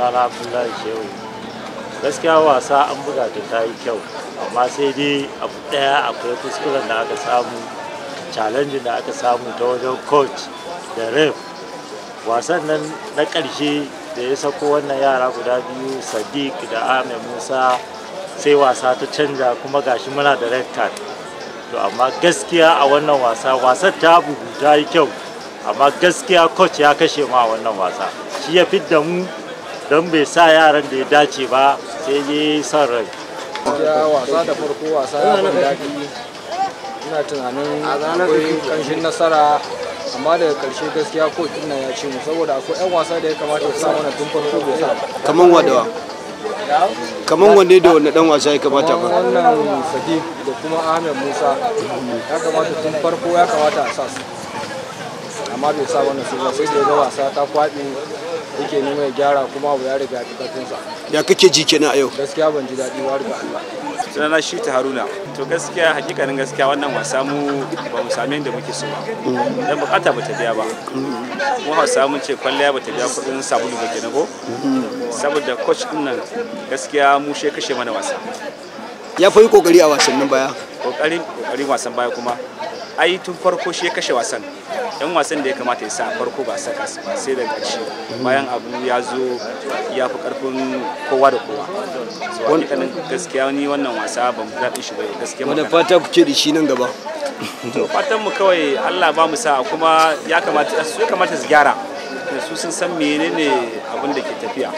sunana gaskiya wasa an buga ta ta yi kyau amma sai dai abu ɗaya akwai kuskuren da aka samu challenge da aka samu ta wajen coach da ref wasan nan na ƙarshe da ya sako wannan yara guda biyu sadiq da ame musa sai wasa ta canja kuma gashi muna da red card to amma gaskiya a wannan wasa wasan ta bugu ta yi kyau amma gaskiya coach ya kashe mu a wannan wasa shi ya da mu don bai sa yaran da ya dace ba sai ya yi son rai wasa da farko wasa ya daɗi ina tunanin akwai ƙanshin nasara amma daga karshe gaskiya ko ina ya ce mu saboda akwai ɗan wasa da ya kamata ya sa na tun farko bai sa kamar wadawa kamar wanne da wanne dan wasa ya kamata ba wannan sadiq da kuma ahmed musa ya kamata tun farko ya kamata a sa su amma bai sa wannan su sai da ga wasa ta kwaɗi yake nema ya gyara kuma abu ya riga ya karfinsa ya kake ji kenan a yau gaskiya ban ji daɗi ba riga Allah sunana shi ta haruna to gaskiya hakikanin gaskiya wannan wasa mu ba mu same da muke so ba dan bukata ba ta biya ba mu hausa mun ce kwalliya ba ta biya kudin sabulu ba kenan ko saboda coach din nan gaskiya mu she kashe mana wasa ya fa yi kokari a wasannin baya kokarin kokarin wasan baya kuma ai tun farko shi ya kashe wasan yan wasan da ya kamata ya sa farko ba saka su ba sai da ƙarshe bayan abu ya zo ya fi karfin kowa da kowa so kanin gaskiya ni wannan wasa ban daɗin shi ba gaskiya wani fata ce da shi nan gaba to fatan mu kawai Allah ba mu sa kuma ya kamata su kamata su gyara su sun san menene abin da ke tafiya